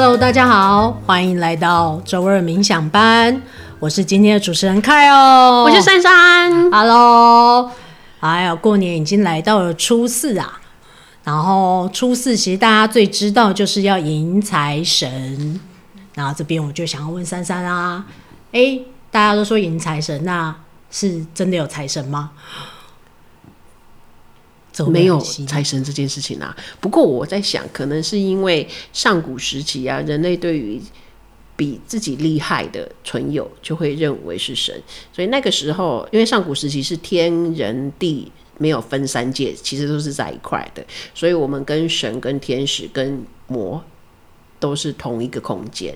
Hello，大家好，歡迎來到周二冥想班。我是今天的主持人 Kyle。我是珊珊。Hello，哎呀，過年已經來到了初四啊，然後初四其實大家最知道就是要迎財神，然後這邊我就想要問珊珊啊，哎，大家都說迎財神，那是真的有財神嗎？沒有財神這件事情啊。不過我在想，可能是因為上古時期啊，人類對於比自己厲害的存有就會認為是神，所以那個時候，因為上古時期是天人地沒有分三界，其實都是在一塊的，所以我們跟神、跟天使、跟魔都是同一個空間。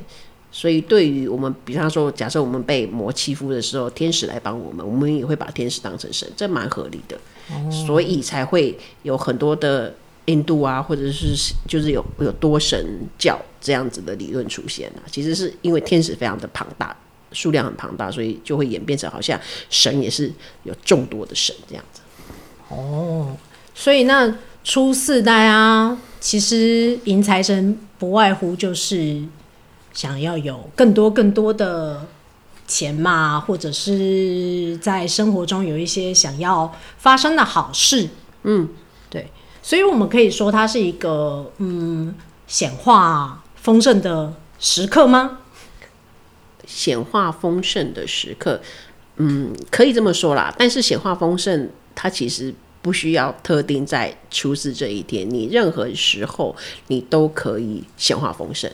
所以，對於我們，比方說，假設我們被魔欺負的時候，天使來幫我們，我們也會把天使當成神，這蠻合理的。所以才會有很多的印度啊，或者是就是有有多神教這樣子的理論出現啊。其實是因為天使非常的龐大，數量很龐大，所以就會演變成好像神也是有眾多的神這樣子。哦，所以那初四代啊，其實迎財神不外乎就是。想要有更多更多的錢嘛，或者是在生活中有一些想要發生的好事，嗯，對，所以我們可以說它是一個嗯顯化豐盛的時刻嗎？顯化豐盛的時刻，嗯，可以這麼說啦。但是顯化豐盛，它其實不需要特定在初四這一天，你任何時候你都可以顯化豐盛。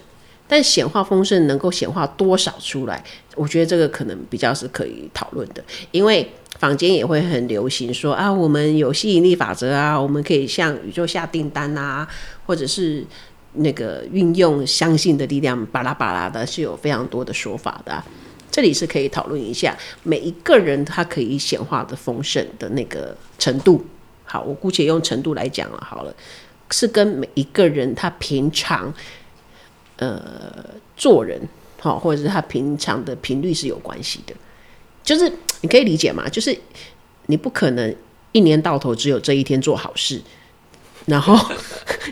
但顯化豐盛能夠顯化多少出來？我覺得這個可能比較是可以討論的，因為坊間也會很流行說啊，我們有吸引力法則啊，我們可以向宇宙下訂單啊，或者是那個運用相信的力量，巴拉巴拉的，是有非常多的說法的啊。這裡是可以討論一下每一個人他可以顯化的豐盛的那個程度。好，我姑且用程度來講了啊，好了，是跟每一個人他平常。呃，做人好、哦，或者是他平常的頻率是有關係的，就是你可以理解嘛，就是你不可能一年到頭只有這一天做好事，然後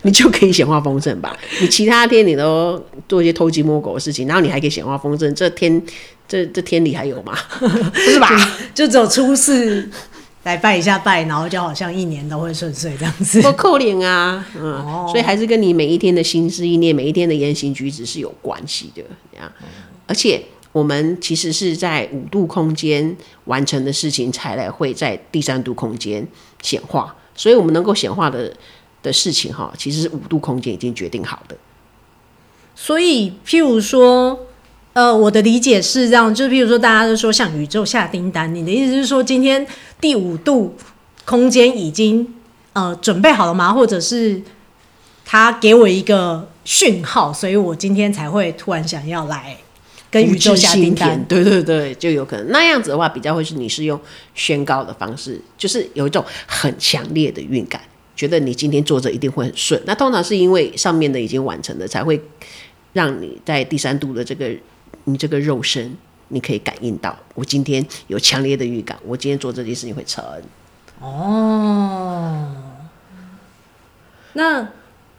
你就可以顯化豐盛吧？你其他天你都做一些偷雞摸狗的事情，然後你還可以顯化豐盛。這天這這天裡還有嗎？ 是吧？ 就只有出事。來拜一下拜，然後就好像一年都會順遂這樣子，多扣臉啊，嗯，oh、所以還是跟你每一天的心思意念、每一天的言行舉止是有關係的。這樣，嗯、而且我們其實是在五度空間完成的事情，才來會在第三度空間顯化。所以，我們能夠顯化的的事情、哦，哈，其實是五度空間已經決定好的。所以，譬如說。呃，我的理解是這樣，就是譬如說，大家都說向宇宙下訂單，你的意思是說，今天第五度空間已經呃準備好了嗎？或者是他給我一個訊號，所以我今天才會突然想要來跟宇宙下訂單？對對對，就有可能那樣子的話，比較會是你是用宣告的方式，就是有一種很強烈的預感，覺得你今天做着一定會很順。那通常是因為上面的已經完成了，才會讓你在第三度的這個。你這個肉身，你可以感應到，我今天有強烈的預感，我今天做這件事情會成。哦，那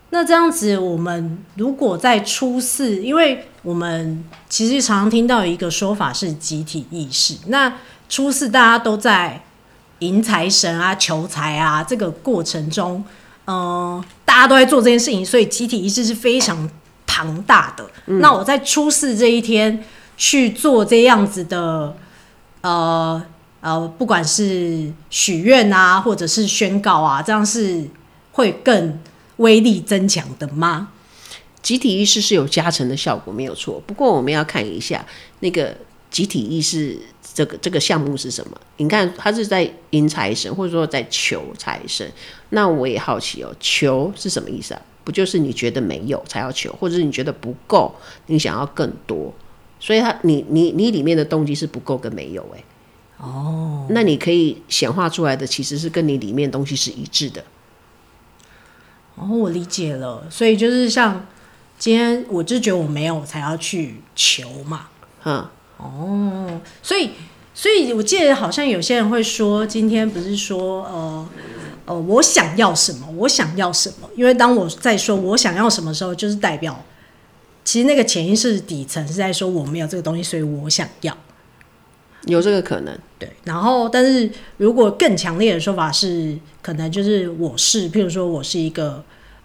那這樣子，我們如果在初四，因為我們其實常常聽到一個說法是集體意識。那初四大家都在迎財神啊、求財啊這個過程中，嗯、呃，大家都在做這件事情，所以集體意識是非常。強大的，嗯、那我在初四這一天去做這樣子的，呃呃，不管是許願啊，或者是宣告啊，這樣是會更威力增強的嗎？集體意識是有加成的效果，沒有錯。不過我們要看一下那個集體意識這個這個項目是什麼？你看，他是在迎財神，或者說在求財神。那我也好奇哦、喔，求是什麼意思啊？不就是你覺得沒有才要求，或者是你覺得不夠，你想要更多，所以他你你你裡面的動機是不夠跟沒有哎、欸，哦，那你可以顯化出來的其實是跟你裡面東西是一致的，哦，我理解了，所以就是像今天我就覺得我沒有才要去求嘛，嗯，哦，所以所以我記得好像有些人會說，今天不是說呃。呃，我想要什麼？我想要什麼？因為當我在說我想要什麼的時候，就是代表，其實那個潛意識底層是在說我沒有這個東西，所以我想要。有這個可能，對。然後，但是如果更強烈的說法是，可能就是我是，譬如說我是一個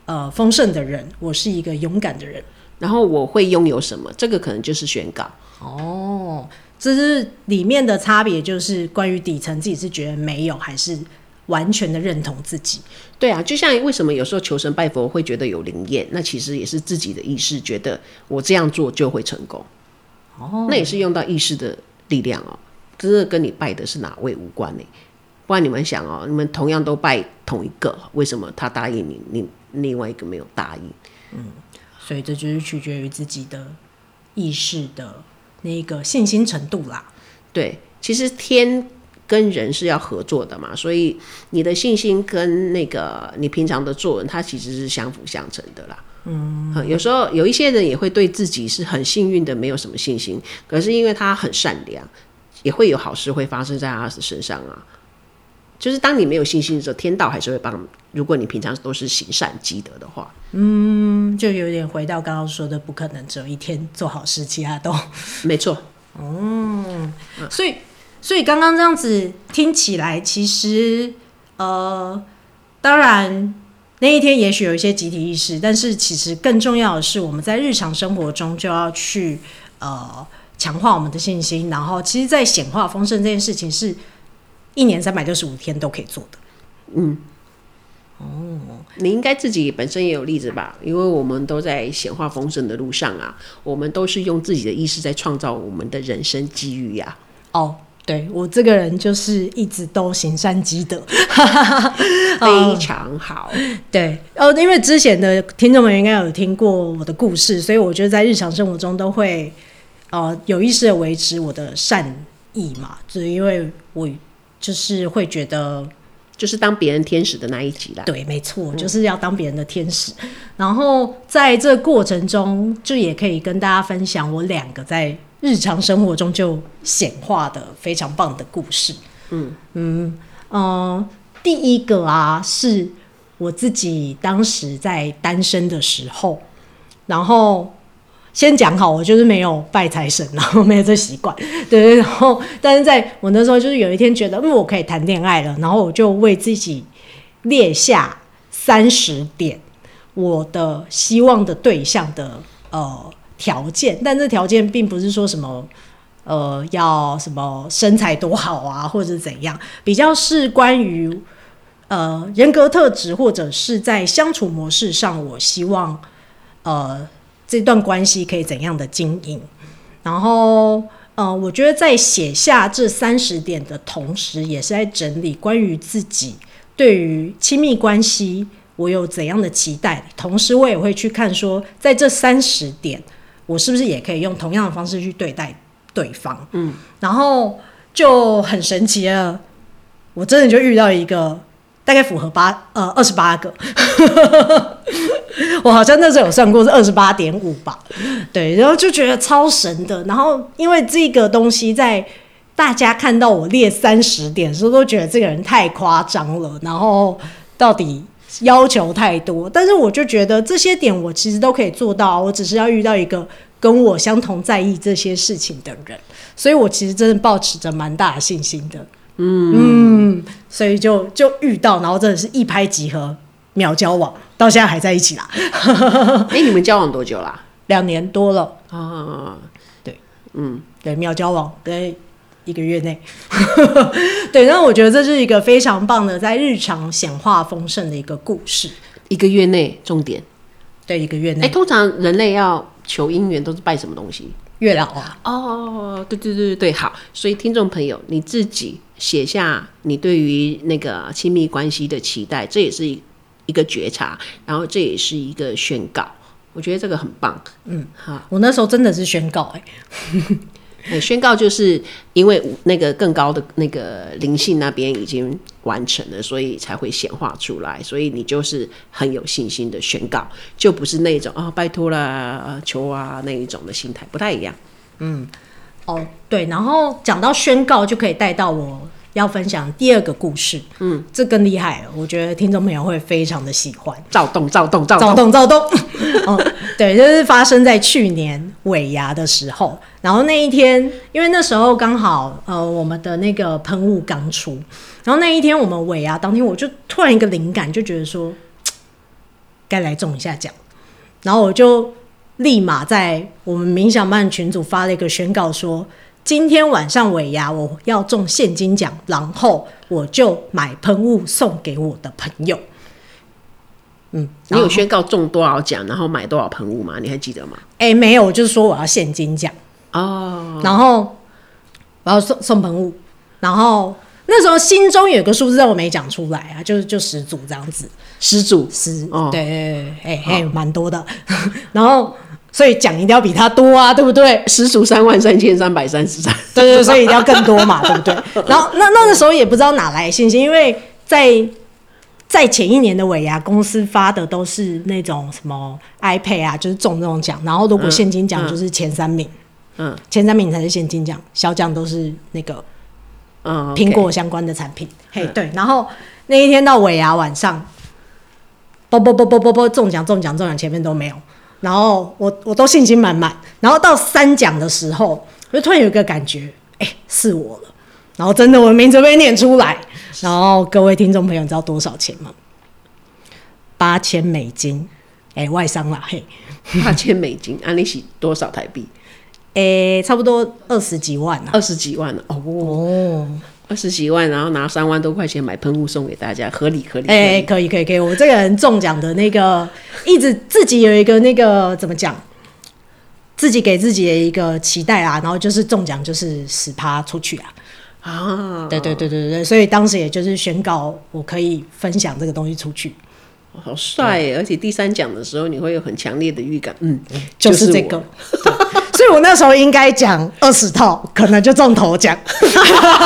呃豐盛的人，我是一個勇敢的人，然後我會擁有什麼？這個可能就是宣告。哦，這是裡面的差別，就是關於底層自己是覺得沒有還是。完全的認同自己，對啊，就像為什麼有時候求神拜佛會覺得有靈驗，那其實也是自己的意識覺得我這樣做就會成功，哦，oh. 那也是用到意識的力量哦，只是跟你拜的是哪位無關呢？不然你們想哦，你們同樣都拜同一個，為什麼他答應你，你另外一個沒有答應？嗯，所以這就是取決於自己的意識的那個信心程度啦。對，其實天。跟人是要合作的嘛，所以你的信心跟那個你平常的做人，它其實是相輔相成的啦。嗯，嗯，有時候有一些人也會對自己是很幸運的，沒有什麼信心，可是因為他很善良，也會有好事會發生在他的身上啊。就是當你沒有信心的時候，天道還是會幫。如果你平常都是行善積德的話，嗯，就有點回到剛剛說的，不可能只有一天做好事，其他都沒錯。嗯，嗯，所以。所以剛剛這樣子聽起來，其實呃，當然那一天也許有一些集體意識，但是其實更重要的是，我們在日常生活中就要去呃強化我們的信心，然後其實，在顯化豐盛這件事情是一年三百六十五天都可以做的。嗯，哦，你應該自己本身也有例子吧？因為我們都在顯化豐盛的路上啊，我們都是用自己的意識在創造我們的人生機遇呀啊。哦。對，我這個人就是一直都行善積德， 非常好。嗯、對哦，因為之前的聽眾們應該有聽過我的故事，所以我覺得在日常生活中都會呃有意識的維持我的善意嘛，就是因為我就是會覺得就是當別人天使的那一集啦。對，沒錯，就是要當別人的天使。嗯、然後在這個過程中，就也可以跟大家分享我兩個在，日常生活中就顯化的非常棒的故事，嗯嗯，嗯嗯呃，第一個啊，是我自己當時在單身的時候，然後先講好，我就是沒有拜財神，然後沒有這習慣，對對，然後但是在我那時候，就是有一天覺得，嗯，我可以談戀愛了，然後我就為自己列下三十點，我的希望的對象的呃。條件，但這條件並不是說什麼，呃，要什麼身材多好啊，或者是怎樣，比較是關於，呃，人格特質或者是在相處模式上，我希望，呃，這段關係可以怎樣的經營。然後，呃，我覺得在寫下這三十點的同時，也是在整理關於自己對於親密關係我有怎樣的期待，同時我也會去看說，在這三十點。我是不是也可以用同樣的方式去對待對方？嗯，然後就很神奇了。我真的就遇到一個大概符合八呃二十八個， 我好像那時候有算過是二十八點五吧。對，然後就覺得超神的。然後因為這個東西在大家看到我列三十點的時候都覺得這個人太誇張了。然後到底。要求太多，但是我就覺得這些點我其實都可以做到，我只是要遇到一個跟我相同在意這些事情的人，所以我其實真的抱持着蠻大的信心的，嗯，嗯，所以就就遇到，然後真的是一拍即合，秒交往，到現在還在一起啦。誒、 欸，你們交往多久啦？兩年多了，啊，對，嗯，對，秒交往，對。一個月內， 對，然後我覺得這是一個非常棒的在日常顯化豐盛的一個故事。一個月內，重點，對一個月內、欸。通常人類要求姻緣都是拜什麼東西？月老啊？哦，oh, 對對對對對，好。所以聽眾朋友，你自己寫下你對於那個親密關係的期待，這也是一一個覺察，然後這也是一個宣告。我覺得這個很棒。嗯，好。我那時候真的是宣告、欸，哎。 嗯，宣告就是因為那個更高的那個靈性那邊已經完成了，所以才會顯化出來，所以你就是很有信心的宣告，就不是那種啊、哦，拜託啦，求啊那一種的心態，不太一樣。嗯，哦，對，然後講到宣告，就可以帶到我。要分享第二個故事，嗯，這更厲害，我覺得聽眾朋友會非常的喜歡。躁動，躁動，躁，動，躁動。哦、 呃，對，就是發生在去年尾牙的時候，然後那一天，因為那時候剛好呃，我們的那個噴霧剛出，然後那一天我們尾牙當天，我就突然一個靈感，就覺得說，該來中一下獎，然後我就立馬在我們冥想班群組發了一個宣告說。今天晚上尾牙，我要中現金獎，然後我就買噴霧送給我的朋友。嗯，你有宣告中多少獎，然後買多少噴霧嗎？你還記得嗎？誒、欸，沒有，我就是說我要現金獎哦、oh.，然後我要送送噴霧，然後那時候心中有個數字，但我沒講出來啊，就是就十組這樣子，十組足十，對，誒、oh. 欸，蠻、欸、多的，oh. 然後。所以獎一定要比他多啊，對不對？實屬三萬三千三百三十三，對對，對所以一定要更多嘛， 對不對？然後那，那那個時候也不知道哪來的信心，因為在在前一年的尾牙公司發的都是那種什麼 iPad 啊，就是中這種獎，然後如果現金獎就是前三名，嗯，嗯前三名才是現金獎，小獎都是那個嗯蘋果相關的產品。嘿、嗯，okay, 嗯、hey, 對，然後那一天到尾牙晚上，波波波波波波中獎中獎中獎，前面都沒有。然後我我都信心滿滿，然後到三講的時候，我就突然有一個感覺，哎、欸，是我了。然後真的，我名字被念出來。是然後各位聽眾朋友，你知道多少錢嗎？八千美金，哎、欸，外商啦，嘿，八千美金， 啊，你是多少台幣？哎、欸，差不多二十幾萬啊，二十幾萬啊，哦、oh.。Oh. 二十幾萬，然後拿三萬多塊錢買噴霧送給大家，合理合理。哎、欸欸，可以可以可以，我這個人中獎的那個，一直自己有一個那個怎麼講，自己給自己的一個期待啊，然後就是中獎就是十趴出去啊。啊，對對對對對，所以當時也就是宣告我可以分享這個東西出去，好帥、欸！對而且第三獎的時候你會有很強烈的預感，嗯，就是這個。所以我那時候應該講二十套，可能就中頭獎。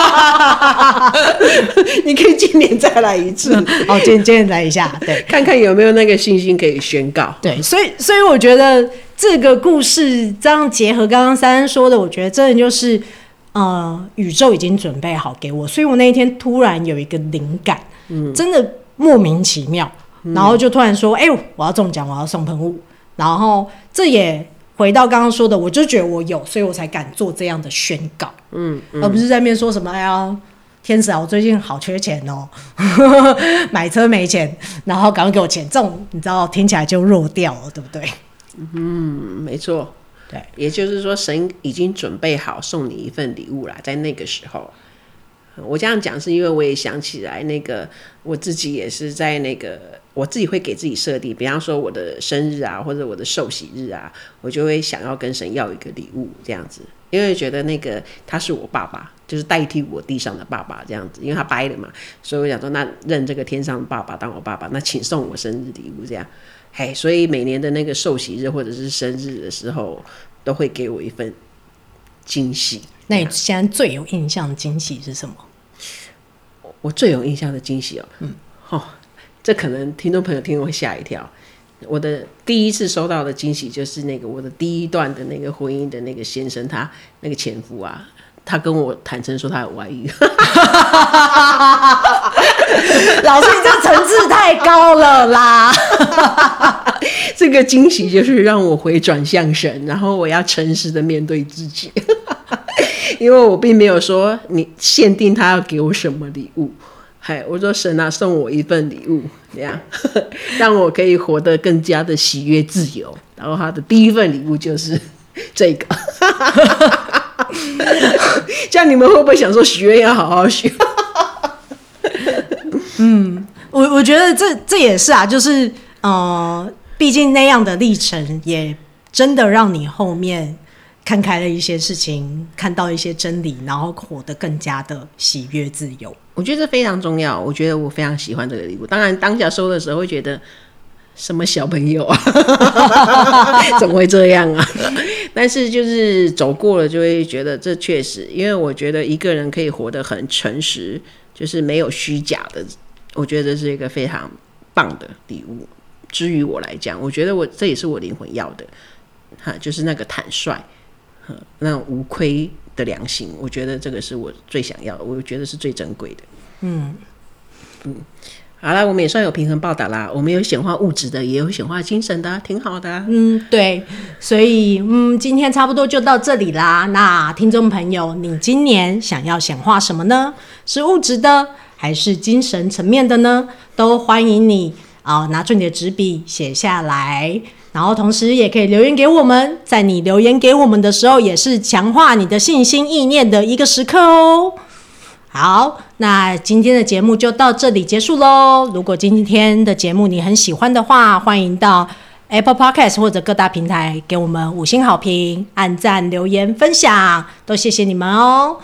你可以今年再來一次，嗯、哦，今年今年來一下，對，看看有沒有那個信心可以宣告。對，所以所以我覺得這個故事這樣結合剛剛珊珊說的，我覺得真的就是，呃，宇宙已經準備好給我，所以我那一天突然有一個靈感，嗯，真的莫名其妙，嗯、然後就突然說，哎、欸、呦，我要中獎，我要送噴霧，然後這也。回到剛剛說的，我就覺得我有，所以我才敢做這樣的宣告，嗯，嗯，而不是在那邊說什麼，哎呀，天使啊，我最近好缺錢哦、喔，買車沒錢，然後趕快給我錢，這種你知道聽起來就弱掉了，對不對？嗯，沒錯，對，也就是說神已經準備好送你一份禮物了，在那個時候，我這樣講是因為我也想起來那個我自己也是在那個。我自己會給自己設定，比方說我的生日啊，或者我的受洗日啊，我就會想要跟神要一個禮物這樣子，因為覺得那個他是我爸爸，就是代替我地上的爸爸這樣子，因為他掰了嘛，所以我想說，那認這個天上的爸爸當我爸爸，那請送我生日禮物這樣。嘿，所以每年的那個受洗日或者是生日的時候，都會給我一份驚喜。那你現在最有印象的驚喜是什麼？我最有印象的驚喜哦，嗯，好、哦。這可能聽眾朋友聽了會嚇一跳。我的第一次收到的驚喜就是那個我的第一段的那個婚姻的那個先生他，他那個前夫啊，他跟我坦誠說他有外遇。 老師，你這層次太高了啦！ 這個驚喜就是讓我回轉向神，然後我要誠實的面對自己， 因為我並沒有說你限定他要給我什麼禮物。Hey, 我說神啊，送我一份禮物，怎樣讓我可以活得更加的喜悅自由？然後他的第一份禮物就是這個， 這樣你們會不會想說學也要好好學？ 嗯，我我覺得這這也是啊，就是呃，畢竟那樣的歷程也真的讓你後面看開了一些事情，看到一些真理，然後活得更加的喜悅自由。我覺得這非常重要。我覺得我非常喜歡這個禮物。當然，當下收的時候會覺得什麼小朋友啊， 怎麼會這樣啊？但是就是走過了，就會覺得這確實，因為我覺得一個人可以活得很誠實，就是沒有虛假的。我覺得這是一個非常棒的禮物。至於我來講，我覺得我這也是我靈魂要的，哈，就是那個坦率，哈，那無愧的良心，我覺得這個是我最想要的，我覺得是最珍貴的。嗯嗯，好啦，我們也算有平衡報答啦。我們有顯化物質的，也有顯化精神的啊，挺好的啊。嗯，對，所以嗯，今天差不多就到這裡啦。那聽眾朋友，你今年想要顯化什麼呢？是物質的，還是精神層面的呢？都歡迎你啊，哦，拿出你的紙筆寫下來。然後同時也可以留言給我們，在你留言給我們的時候，也是強化你的信心意念的一個時刻哦。好，那今天的節目就到這裡結束嘍。如果今天的節目你很喜歡的話，歡迎到 Apple Podcast 或者各大平台給我們五星好評、按讚、留言、分享，都謝謝你們哦。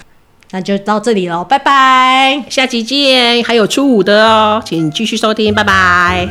那就到這裡嘍，拜拜，下期見，還有初五的哦，請繼續收聽，拜拜。